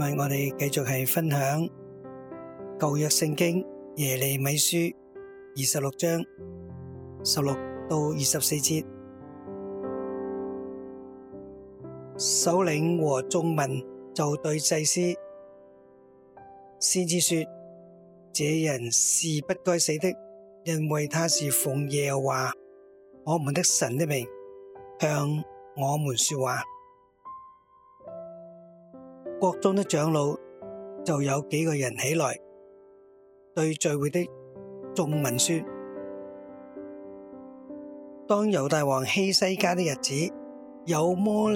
今日我哋繼續係分享舊約聖經耶利米書二十六章十六到二十四節，首領和眾民就對祭司、先知說：這人是不該死的，因為他是奉耶和華，我們的神的命，向我們說話。國中的長老就有幾個人起來對聚會的眾民說：當猶大王希西家的日子，有摩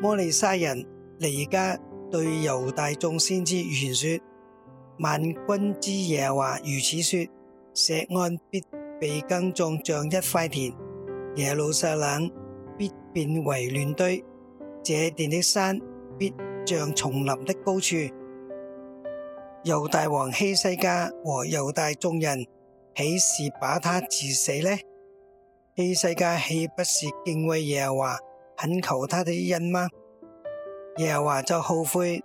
摩利沙人彌迦對猶大眾先知預言說：萬軍之耶華如此說：錫安必被耕種，像一塊田；耶路撒冷必變為亂堆，這殿的山必。像叢林的高處，猶大王希西家和猶大眾人豈是把他治死呢？希西家豈不是敬畏耶和華，懇求他的恩嗎？耶和華就後悔，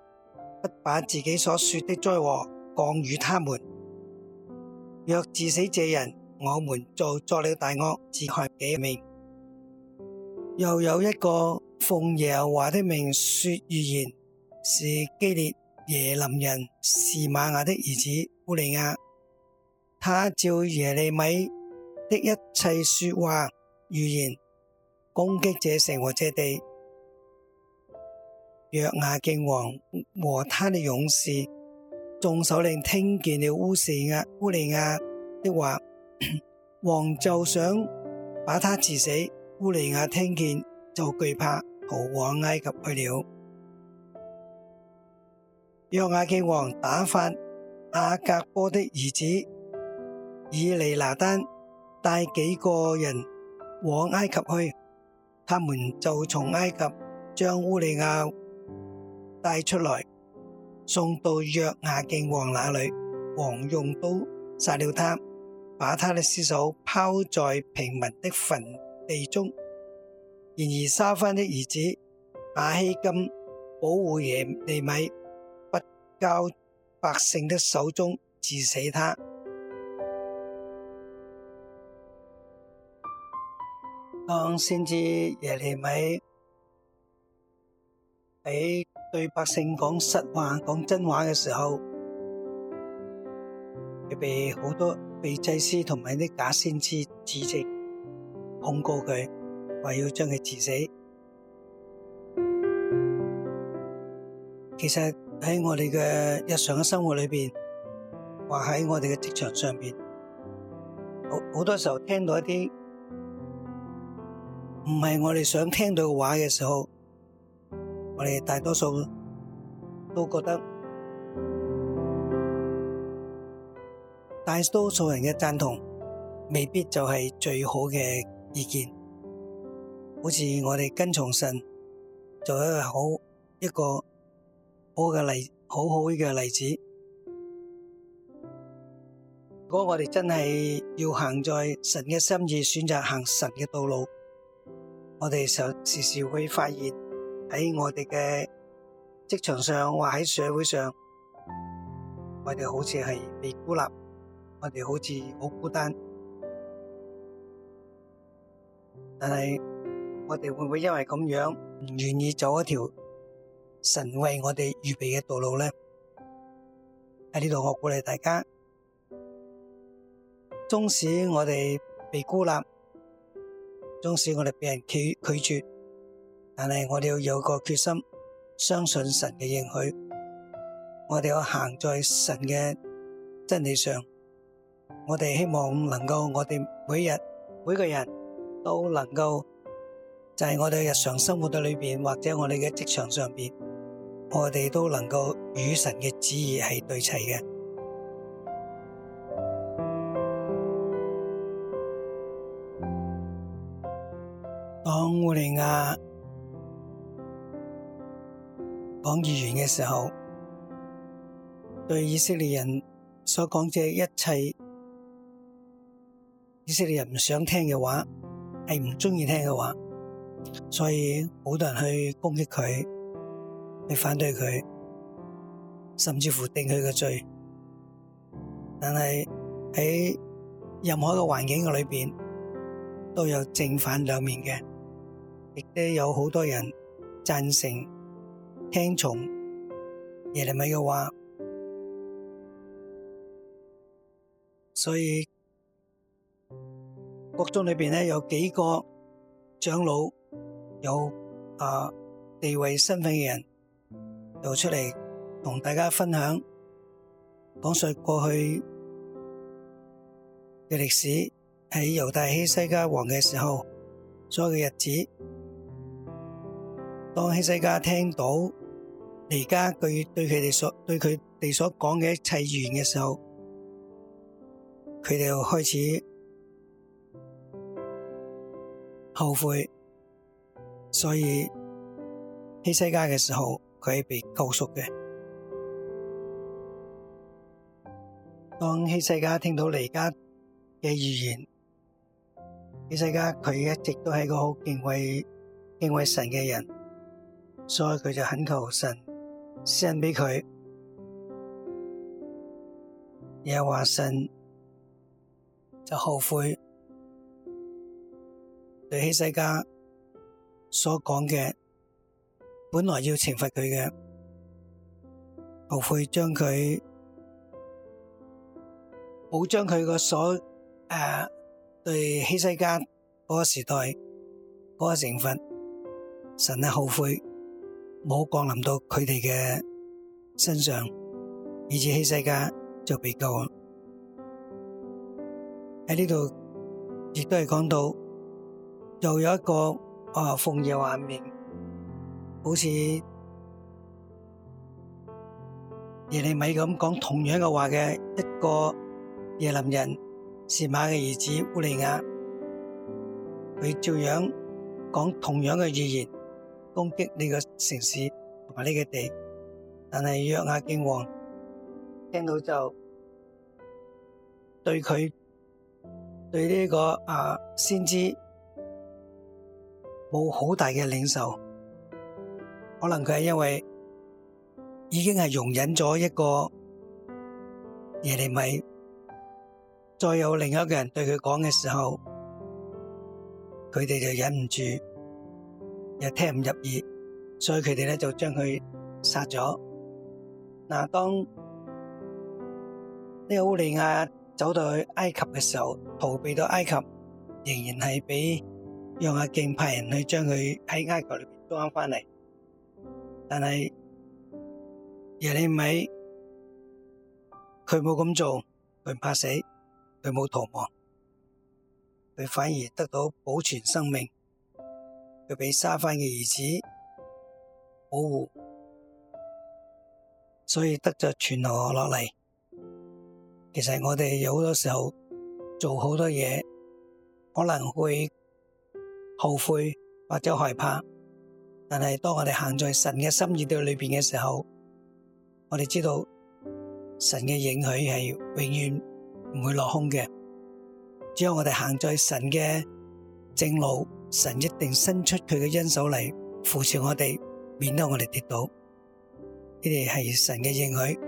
不把自己所說的災禍降與他們。若治死這人，我們就作了大惡，自害己命。又有一個奉耶和華的名說預言。是基列耶林人，是瑪雅的兒子烏利亞，他照耶利米的一切說話預言，攻擊這城和這地。約雅敬王和他的勇士眾首領聽見了烏士亞烏利亞的話， 王就想把他治死。烏利亞聽見就懼怕，逃往埃及去了。約亞敬王打發亞格波的兒子以利拿丹帶幾個人往埃及去，他們就從埃及將烏利亞帶出來，送到約亞敬王那裡。王用刀殺了他，把他的屍首拋在平民的墳地中。然而沙番的兒子亞希金保護耶利米。交百姓的手中治死他，當先知耶利米喺對百姓講實話、講真話嘅時候，佢被好多被祭司同埋啲假先知指責、控告佢，話要將佢治死。其實。喺我哋嘅日常嘅生活裏邊，或喺我哋嘅職場上邊，好好多時候聽到一啲唔係我哋想聽到嘅話嘅時候，我哋大多數都覺得大多數人嘅贊同未必就係最好嘅意見。好似我哋跟從神，做一個好一個。我嘅例，好好嘅例子。如果我哋真係要行在神嘅心意，選擇行神嘅道路，我哋就時時會發現喺我哋嘅職場上或喺社會上，我哋好似係被孤立，我哋好似好孤單。但係我哋會唔會因為咁樣唔願意走一條？神為我哋預備嘅道路咧，喺呢度我鼓勵大家，縱使我哋被孤立，縱使我哋被人拒，拒絕，但係我哋要有個決心，相信神嘅應許，我哋要行在神嘅真理上。我哋希望能夠，我哋每日每個人都能夠，就係、是、我哋日常生活嘅裏邊，或者我哋嘅職場上邊。我哋都能夠與神嘅旨意係對齊嘅。當烏利亞講預言嘅時候，對以色列人所講嘅一切，以色列人唔想聽嘅話，係唔鍾意聽嘅話，所以好多人去攻擊佢。反對佢，甚至乎定佢嘅罪。但係喺任何一個環境裏邊，都有正反兩面嘅。亦都有好多人贊成聽從耶利米嘅話。所以國中裏邊咧，有幾個長老有啊地位身份嘅人。做出嚟同大家分享，講述過去嘅歷史，喺猶大希西家王嘅時候，所有嘅日子。當希西家聽到尼家佢對佢哋所對佢哋所講嘅一切語言嘅時候，佢哋又開始後悔，所以希西家嘅時候。佢被救贖嘅。當希西家聽到尼嘉嘅預言，希西家佢一直都係個好敬畏、敬畏神嘅人，所以佢就懇求神先俾佢。又話神就後悔對希西家所講嘅。本來要懲罰佢嘅，後悔將佢冇將佢個所誒、啊、對希西家嗰個時代嗰、那個懲罰，神啊後悔冇降臨到佢哋嘅身上，以至希西家就被救。喺呢度亦都係講到又有一個啊鳳夜畫面。好似耶利米咁講同樣嘅話嘅一個耶林人是馬嘅兒子烏利亞，佢照樣講同樣嘅語言攻擊呢個城市同埋呢個地，但係約亞敬王聽到就對佢對呢個啊先知冇好大嘅領受。可能佢係因為已經係容忍咗一個耶利米，再有另一個人對佢講嘅時候，佢哋就忍唔住，又聽唔入耳，所以佢哋咧就將佢殺咗。嗱，當呢個烏利亞走到去埃及嘅時候，逃避到埃及，仍然係俾讓阿敬派人去將佢喺埃及裏邊抓翻嚟。但係耶利米佢冇咁做，佢唔怕死，佢冇逃亡，佢反而得到保存生命，佢俾沙番嘅兒子保護，所以得咗傳流落嚟。其實我哋有好多時候做好多嘢，可能會後悔或者害怕。但係當我哋行在神嘅心意嘅裏邊嘅時候，我哋知道神嘅應許係永遠唔會落空嘅。只要我哋行在神嘅正路，神一定伸出佢嘅恩手嚟扶持我哋，免得我哋跌倒。呢啲係神嘅應許，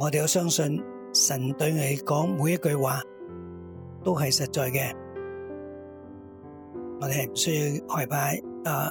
我哋要相信神對你講每一句話都係實在嘅。我哋係唔需要害怕啊！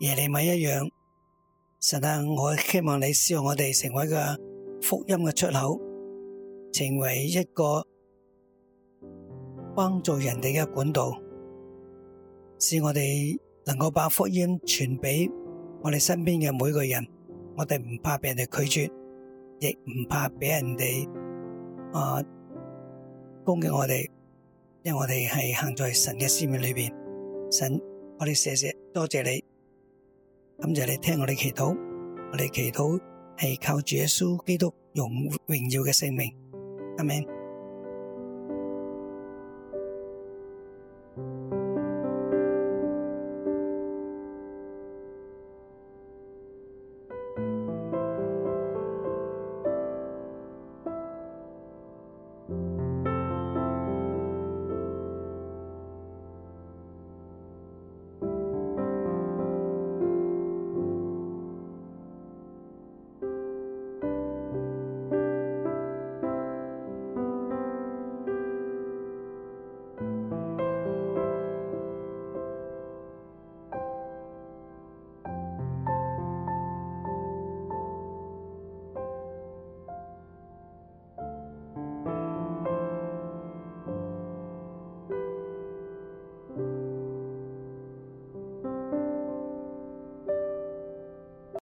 耶利米一樣，神啊，我希望你使我哋成為個福音嘅出口，成為一個幫助人哋嘅管道，使我哋能夠把福音傳俾我哋身邊嘅每個人。我哋唔怕俾人哋拒絕，亦唔怕俾人哋啊、呃、攻擊我哋，因為我哋係行在神嘅使命裏邊。神，我哋謝謝，多謝你。咁就嚟聽我哋祈禱，我哋祈禱係靠住耶穌基督榮榮耀嘅聖名，阿門。